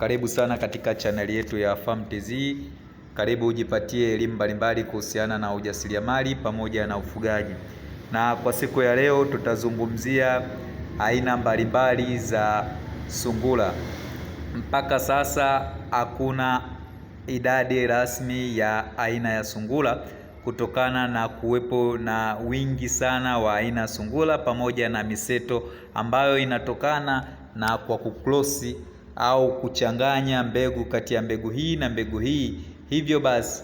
Karibu sana katika chaneli yetu ya Farm TZ. Karibu ujipatie elimu mbalimbali kuhusiana na ujasiriamali pamoja na ufugaji. Na kwa siku ya leo tutazungumzia aina mbalimbali za sungura. Mpaka sasa hakuna idadi rasmi ya aina ya sungura kutokana na kuwepo na wingi sana wa aina ya sungura pamoja na miseto ambayo inatokana na kwa kuklosi au kuchanganya mbegu kati ya mbegu hii na mbegu hii. Hivyo basi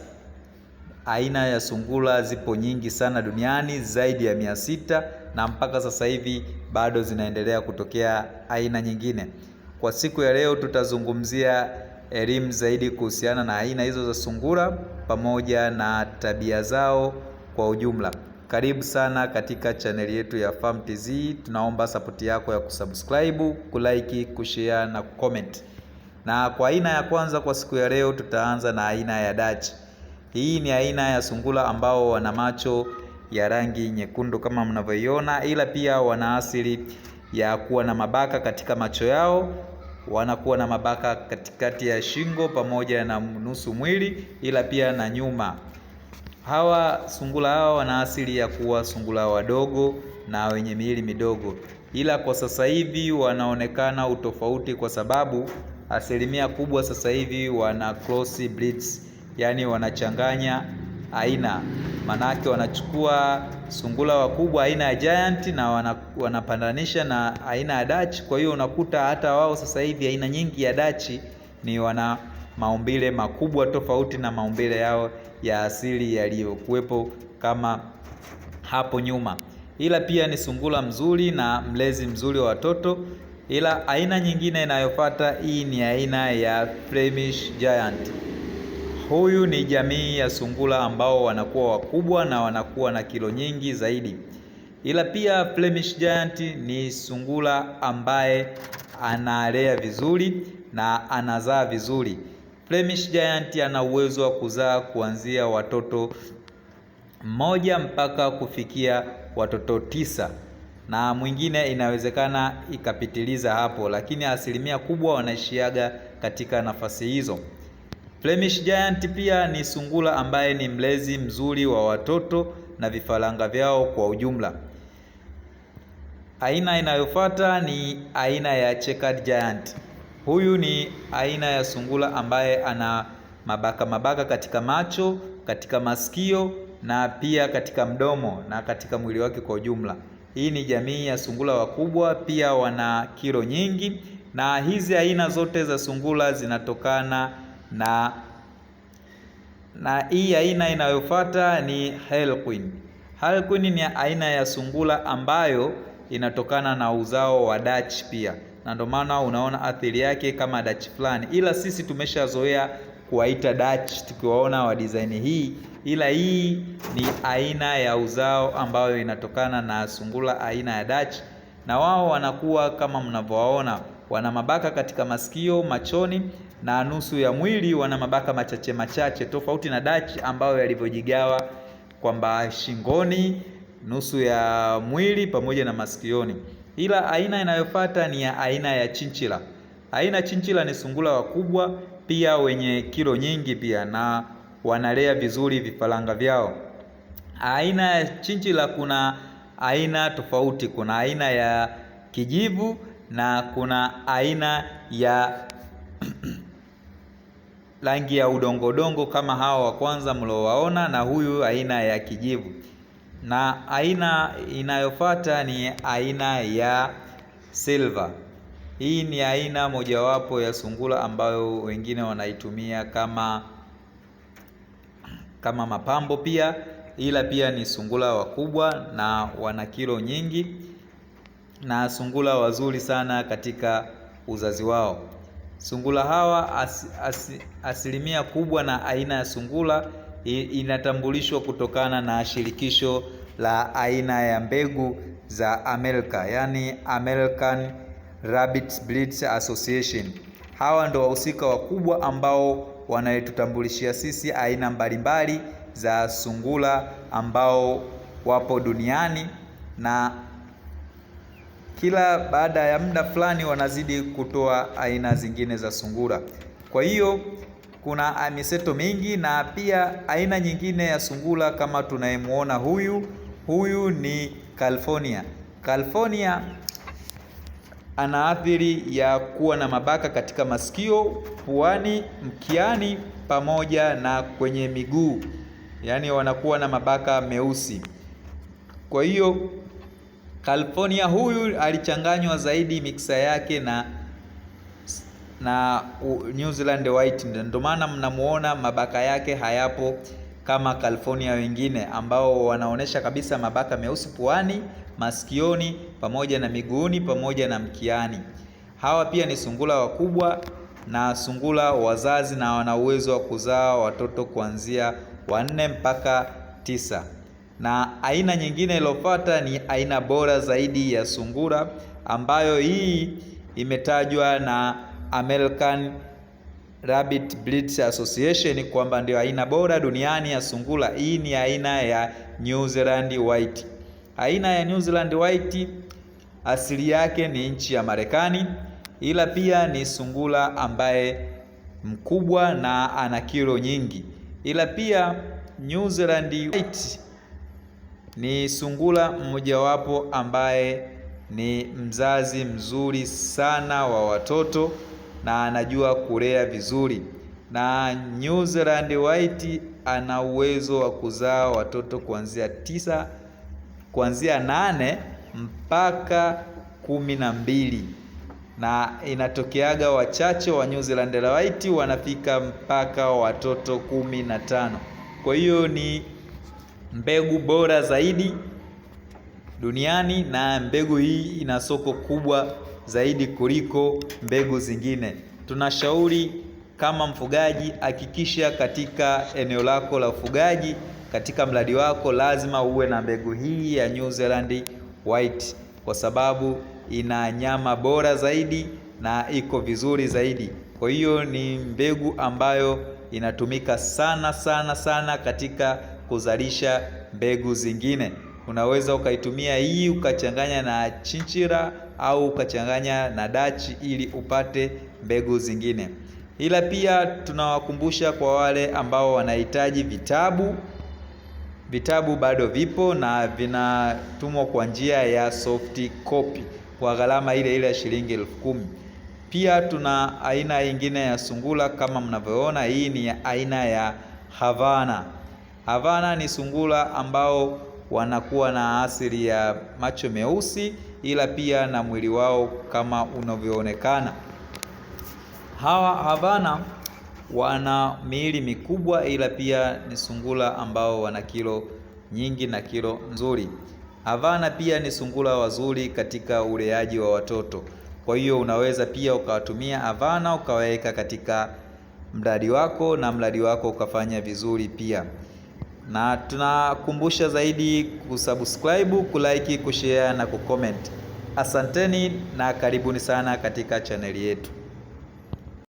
aina ya sungura zipo nyingi sana duniani zaidi ya mia sita na mpaka sasa hivi bado zinaendelea kutokea aina nyingine. Kwa siku ya leo tutazungumzia elimu zaidi kuhusiana na aina hizo za sungura pamoja na tabia zao kwa ujumla. Karibu sana katika chaneli yetu ya Farm TZ. Tunaomba sapoti yako ya kusubscribe, kulike, kushare na kucomment. Na kwa aina ya kwanza kwa siku ya leo tutaanza na aina ya Dutch. Hii ni aina ya sungura ambao wana macho ya rangi nyekundu kama mnavyoiona, ila pia wana asili ya kuwa na mabaka katika macho yao, wanakuwa na mabaka katikati ya shingo pamoja na nusu mwili, ila pia na nyuma. Hawa sungura hawa wana asili ya kuwa sungura wadogo na wenye miili midogo, ila kwa sasa hivi wanaonekana utofauti kwa sababu asilimia kubwa sasa hivi wana cross breeds, yaani wanachanganya aina, manake wanachukua sungura wakubwa aina ya giant na wanapandanisha na aina ya Dutch. Kwa hiyo unakuta hata wao sasa hivi aina nyingi ya Dutch ni wana maumbile makubwa tofauti na maumbile yao ya asili yaliyokuwepo kama hapo nyuma. Ila pia ni sungura mzuri na mlezi mzuri wa watoto. Ila aina nyingine inayofuata hii ni aina ya Flemish Giant. Huyu ni jamii ya sungura ambao wanakuwa wakubwa na wanakuwa na kilo nyingi zaidi. Ila pia Flemish Giant ni sungura ambaye analea vizuri na anazaa vizuri. Flemish Giant ana uwezo wa kuzaa kuanzia watoto mmoja mpaka kufikia watoto tisa na mwingine inawezekana ikapitiliza hapo, lakini asilimia kubwa wanaishiaga katika nafasi hizo. Flemish Giant pia ni sungura ambaye ni mlezi mzuri wa watoto na vifaranga vyao kwa ujumla. Aina inayofuata ni aina ya Checkered Giant. Huyu ni aina ya sungura ambaye ana mabaka mabaka katika macho, katika masikio na pia katika mdomo na katika mwili wake kwa ujumla. Hii ni jamii ya sungura wakubwa, pia wana kilo nyingi, na hizi aina zote za sungura zinatokana na na hii aina inayofuata ni Harlequin. Harlequin ni aina ya sungura ambayo inatokana na uzao wa Dutch pia na ndio maana unaona athiri yake kama dachi fulani, ila sisi tumeshazoea kuwaita dachi tukiwaona wa design hii, ila hii ni aina ya uzao ambayo inatokana na sungura aina ya dach na wao wanakuwa kama mnavyowaona, wana mabaka katika masikio, machoni na nusu ya mwili, wana mabaka machache machache, tofauti na dachi ambayo yalivyojigawa kwamba shingoni nusu ya mwili pamoja na masikioni. Ila aina inayofuata ni ya aina ya chinchila. Aina chinchila ni sungura wakubwa pia wenye kilo nyingi pia na wanalea vizuri vifaranga vyao. Aina ya chinchila kuna aina tofauti, kuna aina ya kijivu na kuna aina ya rangi ya udongodongo kama hawa wa kwanza mliowaona, na huyu aina ya kijivu na aina inayofuata ni aina ya silver. Hii ni aina mojawapo ya sungura ambayo wengine wanaitumia kama kama mapambo pia, ila pia ni sungura wakubwa na wana kilo nyingi na sungura wazuri sana katika uzazi wao. Sungura hawa as, as, asilimia kubwa na aina ya sungura inatambulishwa kutokana na shirikisho la aina ya mbegu za Amerika, yani American Rabbit Breeders Association. Hawa ndo wahusika wakubwa ambao wanayetutambulishia sisi aina mbalimbali za sungura ambao wapo duniani, na kila baada ya muda fulani wanazidi kutoa aina zingine za sungura. Kwa hiyo kuna miseto mingi na pia aina nyingine ya sungura kama tunayemwona huyu. Huyu ni California. California ana athiri ya kuwa na mabaka katika masikio, puani, mkiani pamoja na kwenye miguu, yaani wanakuwa na mabaka meusi. Kwa hiyo California huyu alichanganywa zaidi miksa yake na na New Zealand White, ndio maana mnamuona mabaka yake hayapo kama California wengine ambao wanaonyesha kabisa mabaka meusi puani, masikioni, pamoja na miguuni, pamoja na mkiani. Hawa pia ni sungura wakubwa na sungura wazazi na wana uwezo wa kuzaa watoto kuanzia wanne mpaka tisa. Na aina nyingine iliyofuata ni aina bora zaidi ya sungura ambayo hii imetajwa na American Rabbit Breeds Association kwamba ndio aina bora duniani ya sungura. Hii ni aina ya New Zealand White. Aina ya New Zealand White asili yake ni nchi ya Marekani, ila pia ni sungura ambaye mkubwa na ana kilo nyingi, ila pia New Zealand White ni sungura mmojawapo ambaye ni mzazi mzuri sana wa watoto na anajua kulea vizuri, na New Zealand White ana uwezo wa kuzaa watoto kuanzia tisa, kuanzia nane mpaka kumi na mbili na inatokeaga wachache wa New Zealand White wanafika mpaka watoto kumi na tano. Kwa hiyo ni mbegu bora zaidi duniani na mbegu hii ina soko kubwa zaidi kuliko mbegu zingine. Tunashauri kama mfugaji, hakikisha katika eneo lako la ufugaji, katika mradi wako, lazima uwe na mbegu hii ya New Zealand White kwa sababu ina nyama bora zaidi na iko vizuri zaidi. Kwa hiyo ni mbegu ambayo inatumika sana sana sana katika kuzalisha mbegu zingine. Unaweza ukaitumia hii ukachanganya na chinchira au ukachanganya na dachi ili upate mbegu zingine. Ila pia tunawakumbusha kwa wale ambao wanahitaji vitabu, vitabu bado vipo na vinatumwa kwa njia ya soft copy kwa gharama ile ile ya shilingi elfu kumi. Pia tuna aina nyingine ya sungura kama mnavyoona, hii ni ya aina ya Havana. Havana ni sungura ambao wanakuwa na asili ya macho meusi, ila pia na mwili wao kama unavyoonekana. Hawa Havana wana miili mikubwa, ila pia ni sungura ambao wana kilo nyingi na kilo nzuri. Havana pia ni sungura wazuri katika uleaji wa watoto. Kwa hiyo unaweza pia ukawatumia Havana ukawaweka katika mradi wako na mradi wako ukafanya vizuri pia na tunakumbusha zaidi kusubscribe, kulike, kushare na kucomment. Asanteni na karibuni sana katika chaneli yetu.